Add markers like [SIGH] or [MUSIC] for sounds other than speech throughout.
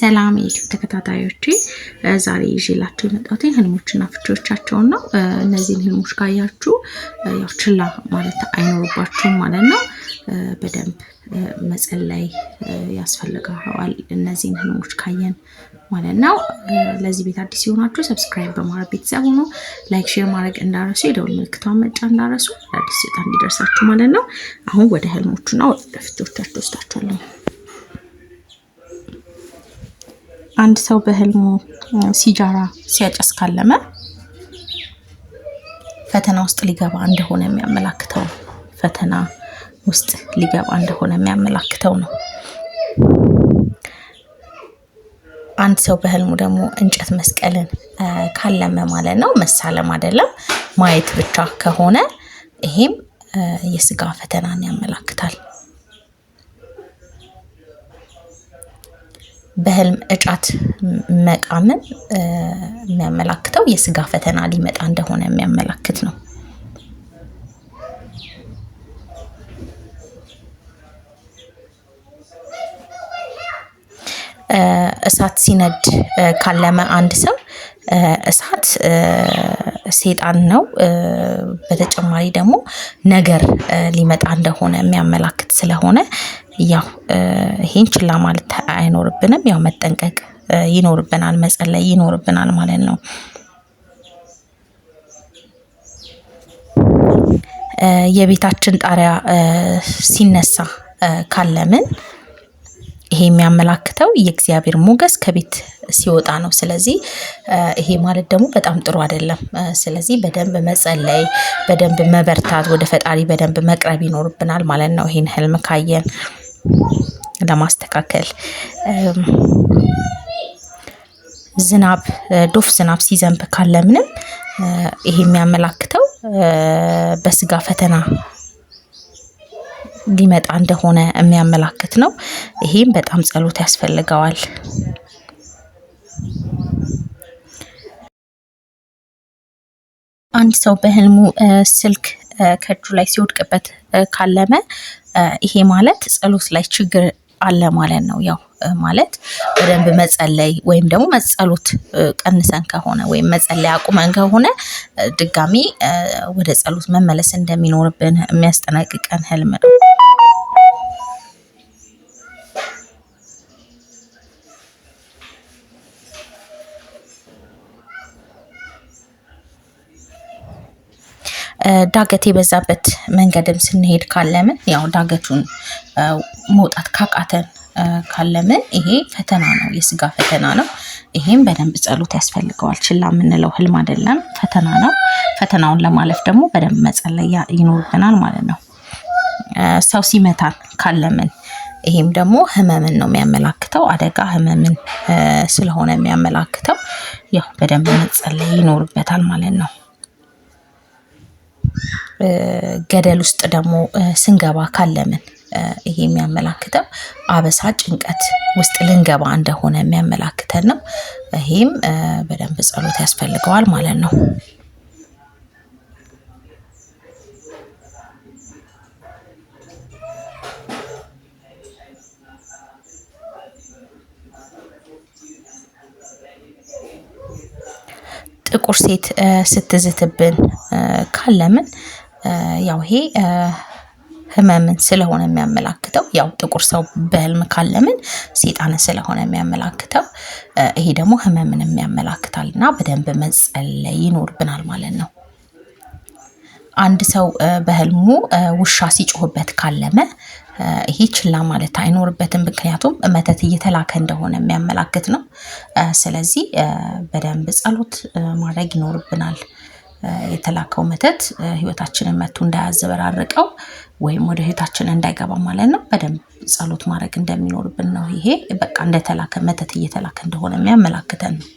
ሰላም የዩቲዩብ ተከታታዮቼ፣ ዛሬ ይዤላችሁ የመጣሁት ህልሞችና ፍቺዎቻቸውን ነው። እነዚህን ህልሞች ካያችሁ ያው ችላ ማለት አይኖርባችሁም ማለት ነው። በደንብ መጸለይ ያስፈልገዋል እነዚህን ህልሞች ካየን ማለት ነው። ለዚህ ቤት አዲስ የሆናችሁ ሰብስክራይብ በማድረግ ቤተሰብ ሆኖ ላይክ፣ ሼር ማድረግ እንዳረሱ የደውል ምልክቷን መጫ እንዳረሱ አዲስ ሲወጣ እንዲደርሳችሁ ማለት ነው። አሁን ወደ ህልሞቹና ወደ ፍቺዎቻቸው ወስዳችኋለሁ። አንድ ሰው በህልሙ ሲጃራ ሲያጨስ ካለመ ፈተና ውስጥ ሊገባ እንደሆነ የሚያመላክተው ፈተና ውስጥ ሊገባ እንደሆነ የሚያመላክተው ነው። አንድ ሰው በህልሙ ደግሞ እንጨት መስቀልን ካለመ ማለት ነው መሳለም አይደለም ማየት ብቻ ከሆነ ይሄም የስጋ ፈተናን ያመላክታል። በህልም እጫት መቃምን የሚያመላክተው የስጋ ፈተና ሊመጣ እንደሆነ የሚያመላክት ነው። እሳት ሲነድ ካለመ አንድ ሰው እሳት ሴጣን ነው። በተጨማሪ ደግሞ ነገር ሊመጣ እንደሆነ የሚያመላክት ስለሆነ ያው ይሄን ችላ ማለት አይኖርብንም። ያው መጠንቀቅ ይኖርብናል፣ መጸለይ ይኖርብናል ማለት ነው። የቤታችን ጣሪያ ሲነሳ ካለምን ይሄ የሚያመላክተው የእግዚአብሔር ሞገስ ከቤት ሲወጣ ነው። ስለዚህ ይሄ ማለት ደግሞ በጣም ጥሩ አይደለም። ስለዚህ በደንብ መጸለይ፣ በደንብ መበርታት፣ ወደ ፈጣሪ በደንብ መቅረብ ይኖርብናል ማለት ነው። ይሄን ህልም ካየን ለማስተካከል ዝናብ ዶፍ ዝናብ ሲዘንብ ካለ ምንም ይሄ የሚያመላክተው በስጋ ፈተና ሊመጣ እንደሆነ የሚያመላክት ነው። ይሄም በጣም ጸሎት ያስፈልገዋል። አንድ ሰው በህልሙ ስልክ ከእጁ ላይ ሲወድቅበት ካለመ ይሄ ማለት ጸሎት ላይ ችግር አለ ማለት ነው። ያው ማለት በደንብ መጸለይ ወይም ደግሞ መጸሎት ቀንሰን ከሆነ ወይም መጸለይ አቁመን ከሆነ ድጋሚ ወደ ጸሎት መመለስ እንደሚኖርብን የሚያስጠነቅቀን ህልም ነው። ዳገት የበዛበት መንገድም ስንሄድ ካለምን ያው ዳገቱን መውጣት ካቃተን ካለምን ይሄ ፈተና ነው፣ የስጋ ፈተና ነው። ይሄም በደንብ ጸሎት ያስፈልገዋል። ችላ የምንለው ህልም አይደለም፣ ፈተና ነው። ፈተናውን ለማለፍ ደግሞ በደንብ መጸለይ ይኖርብናል ማለት ነው። ሰው ሲመታን ካለምን ይሄም ደግሞ ህመምን ነው የሚያመላክተው፣ አደጋ ህመምን ስለሆነ የሚያመላክተው ያው በደንብ መጸለይ ይኖርበታል ማለት ነው። ገደል ውስጥ ደግሞ ስንገባ ካለምን ይሄ የሚያመላክተው አበሳ ጭንቀት ውስጥ ልንገባ እንደሆነ የሚያመላክተን ነው። ይሄም በደንብ ጸሎት ያስፈልገዋል ማለት ነው። ጥቁር ሴት ስትዝትብን ካለምን ያው ይሄ ህመምን ስለሆነ የሚያመላክተው ያው ጥቁር ሰው በህልም ካለምን ሴጣን ስለሆነ የሚያመላክተው ይሄ ደግሞ ህመምን የሚያመላክታል እና በደንብ መጸለይ ይኖርብናል ማለት ነው። አንድ ሰው በህልሙ ውሻ ሲጮህበት ካለመ ይሄ ችላ ማለት አይኖርበትም። ምክንያቱም መተት እየተላከ እንደሆነ የሚያመላክት ነው። ስለዚህ በደንብ ጸሎት ማድረግ ይኖርብናል። የተላከው መተት ህይወታችንን መቶ እንዳያዘበራርቀው ወይም ወደ ህይወታችን እንዳይገባ ማለት ነው። በደንብ ጸሎት ማድረግ እንደሚኖርብን ነው። ይሄ በቃ እንደተላከ መተት እየተላከ እንደሆነ የሚያመላክተን ነው።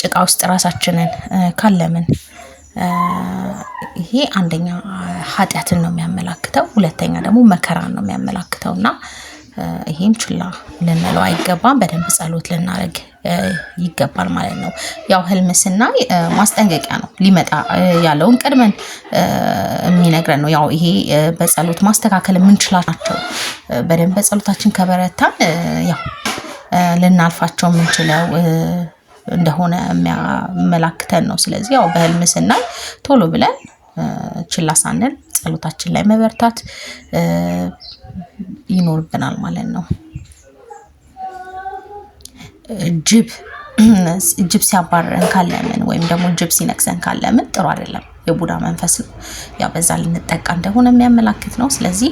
ጭቃ ውስጥ ራሳችንን ካለምን ይሄ አንደኛ ኃጢአትን ነው የሚያመላክተው፣ ሁለተኛ ደግሞ መከራን ነው የሚያመላክተው እና ይሄም ችላ ልንለው አይገባም። በደንብ ጸሎት ልናደርግ ይገባል ማለት ነው። ያው ህልም ስናይ ማስጠንቀቂያ ነው፣ ሊመጣ ያለውን ቀድመን የሚነግረን ነው። ያው ይሄ በጸሎት ማስተካከል የምንችላቸው በደንብ በጸሎታችን ከበረታን ያው ልናልፋቸው የምንችለው እንደሆነ የሚያመላክተን ነው። ስለዚህ ያው በህልም ስናይ ቶሎ ብለን ችላ ሳንል ጸሎታችን ላይ መበርታት ይኖርብናል ማለት ነው። ጅብ [CLEARS THROAT] ጅብ ሲያባርረን ካለምን ወይም ደግሞ ጅብ ሲነክሰን ካለምን ጥሩ አይደለም። የቡዳ መንፈስ ነው። ያው በዛ ልንጠቃ እንደሆነ የሚያመላክት ነው። ስለዚህ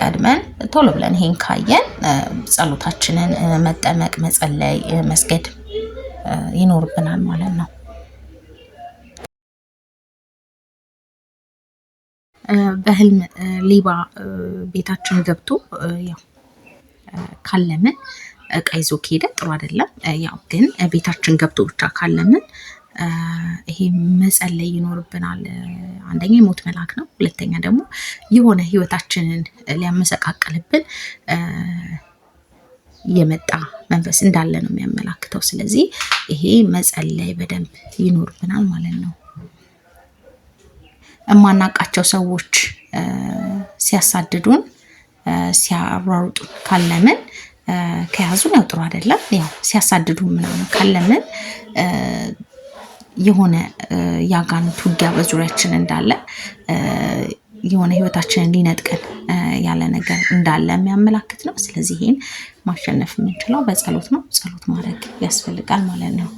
ቀድመን ቶሎ ብለን ይሄን ካየን ጸሎታችንን መጠመቅ፣ መጸለይ፣ መስገድ ይኖርብናል ማለት ነው። በህልም ሌባ ቤታችን ገብቶ ያው ካለምን እቃ ይዞ ከሄደ ጥሩ አይደለም። ያው ግን ቤታችን ገብቶ ብቻ ካለምን ይሄ መጸለይ ይኖርብናል። አንደኛ የሞት መልአክ ነው፣ ሁለተኛ ደግሞ የሆነ ህይወታችንን ሊያመሰቃቅልብን የመጣ መንፈስ እንዳለ ነው የሚያመላክተው። ስለዚህ ይሄ መጸለይ በደንብ ይኖርብናል ማለት ነው። የማናቃቸው ሰዎች ሲያሳድዱን ሲያሯሩጡን ካለምን ከያዙን ያው ጥሩ አይደለም። ያው ሲያሳድዱን ምናምን ካለምን የሆነ የአጋኑት ውጊያ በዙሪያችን እንዳለ የሆነ ህይወታችንን ሊነጥቀን ያለ ነገር እንዳለ የሚያመላክት ነው። ስለዚህ ይህን ማሸነፍ የምንችለው በጸሎት ነው። ጸሎት ማድረግ ያስፈልጋል ማለት ነው።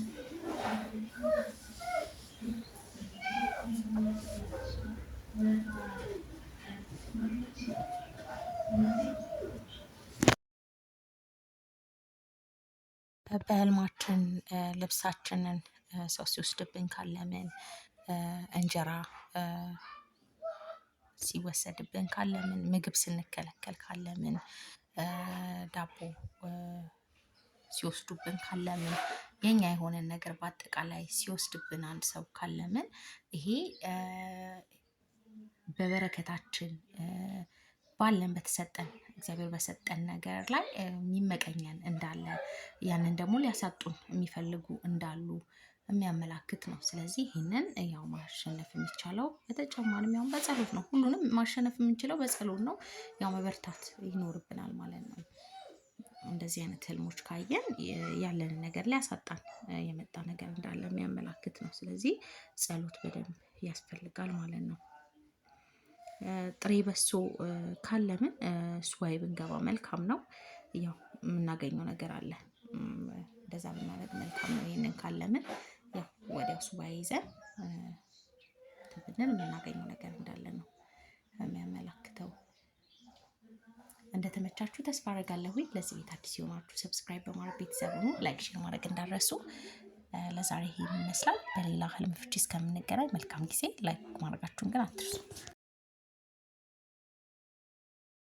በህልማችን ልብሳችንን ሰው ሲወስድብን ካለምን፣ እንጀራ ሲወሰድብን ካለምን፣ ምግብ ስንከለከል ካለምን፣ ዳቦ ሲወስዱብን ካለምን የኛ የሆነን ነገር በአጠቃላይ ሲወስድብን አንድ ሰው ካለምን ይሄ በበረከታችን ባለን በተሰጠን እግዚአብሔር በሰጠን ነገር ላይ የሚመቀኘን እንዳለ ያንን ደግሞ ሊያሳጡን የሚፈልጉ እንዳሉ የሚያመላክት ነው። ስለዚህ ይህንን ያው ማሸነፍ የሚቻለው በተጨማሪም ያው በጸሎት ነው። ሁሉንም ማሸነፍ የምንችለው በጸሎት ነው። ያው መበርታት ይኖርብናል ማለት ነው። እንደዚህ አይነት ህልሞች ካየን ያለንን ነገር ሊያሳጣን የመጣ ነገር እንዳለ የሚያመላክት ነው። ስለዚህ ጸሎት በደንብ ያስፈልጋል ማለት ነው። ጥሬ በሶ ካለምን እሱ ዋይ ብንገባ መልካም ነው። ያው የምናገኘው ነገር አለ። እንደዛ ብናደርግ መልካም ነው። ይህንን ካለምን ያው ወዲያው ሱባኤ ይዘን ትብንን የምናገኘው ነገር እንዳለ ነው የሚያመላክተው። እንደተመቻችሁ ተስፋ አደርጋለሁ። ለዚህ ቤት አዲስ የሆናችሁ ሰብስክራይብ በማድረግ ቤተሰብ ሁኑ። ላይክ፣ ሼር ማድረግ እንዳረሱ። ለዛሬ ይህን ይመስላል። በሌላ ህልም ፍቺ እስከምንገናኝ መልካም ጊዜ። ላይክ ማድረጋችሁን ግን አትርሱ።